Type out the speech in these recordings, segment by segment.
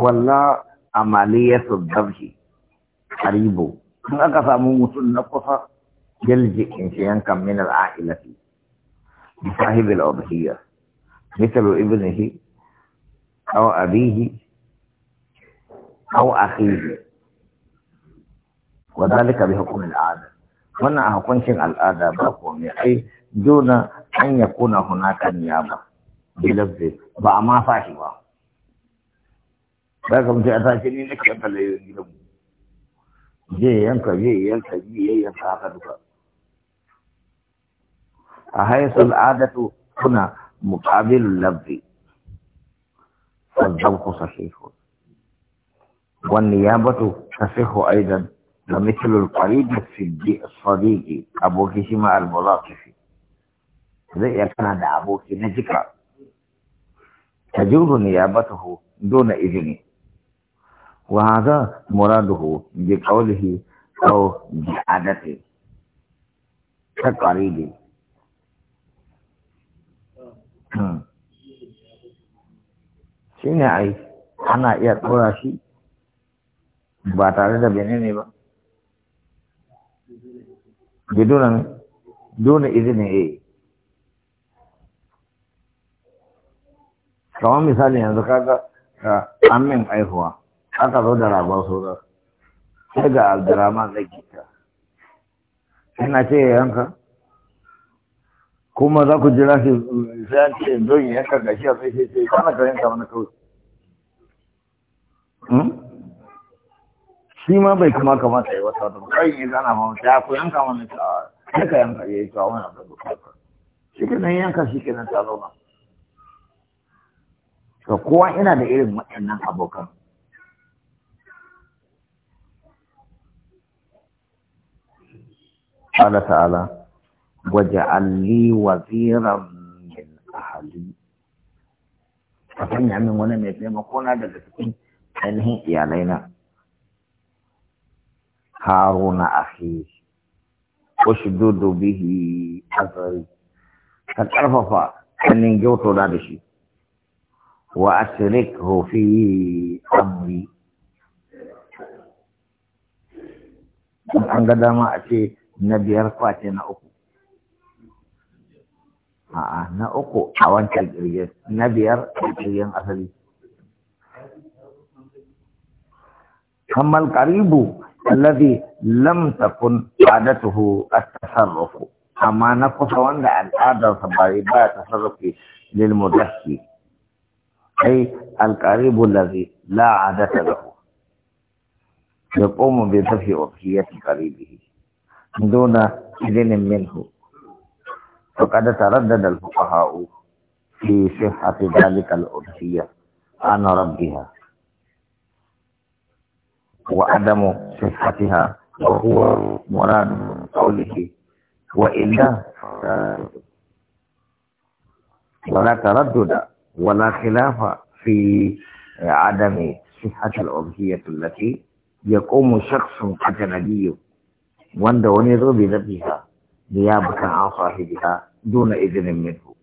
walla amaliyatu dhabhi qaribu in aka samu mutum na kusa yalji in shi yankan min al'ailati bi sahibi al-udhiyya mithlu ibnihi aw abihi aw akhihi wa dhalika bi hukm al-'ada wannan a hukuncin al'ada ba komai ai juna أن يكون هناك نيابة بلفظ با ما فاشي با بكم جاء تاشيني أنت اللي يجلب جي ينكا جي ينكا جي ينكا آخرك أحيث العادة هنا مقابل اللفظ فالذوق صحيح والنيابة تصح أيضا لمثل القريب في الصديق أبو كشما الملاطفي zai iya kana da aboki na jika ta juru ne ya bata hu dona izini wa haza muraduhu bi qawlihi aw bi adati ta qaridi hmm. shine ai ana iya tsora shi ba tare da bene ne ba bidona ne dole izini eh kamar misali yanzu kaga an min aihuwa aka zo da rabon sauran sai ga abdurrahman zai gita ina ce eh, yanka kuma za ku jira shi sai an ce don yanka gashi a sai sai kana ka yanka wani kawai hmm? shi ma bai kuma kamata ya wata wata kai ya gana ma wata ya ku yanka wani ta ah, sai ka yanka ya yi ta wani abu shi kenan yanka shi kenan ta zauna to kowa ina da irin waɗannan abokan قال تعالى واجعل لي وزيرا من أهلي فكان يعمل وانا ميتين وقونا دقتين يا لينا هارون أخي أشدد به أزري فالأرففة أن ينجوتوا لا بشيء وأسركه في أمري أنا دا ما أتي نبي أرقى أتي نأكو ما آه نأكو أوان تلقية نبي أرقى أتي أما القريب الذي لم تكن عادته التصرف أما نقص وأن العادة الصباري بات تصرفي للمدسي أي القريب الذي لا عادة له يقوم بدفع أضحية قريبه دون إذن منه فقد تردد الفقهاء في صحة ذلك الأضحية عن ربها وعدم صحتها وهو مراد قوله وإلا ولا تردد ولا خلاف في عدم صحة الأضحية التي يقوم شخص أجنبي وند ونظر بذبها نيابة عن صاحبها دون إذن منه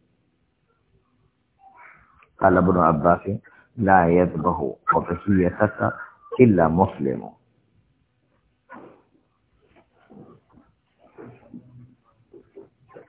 قال ابن عباس لا يذبح أضحيتك إلا مسلم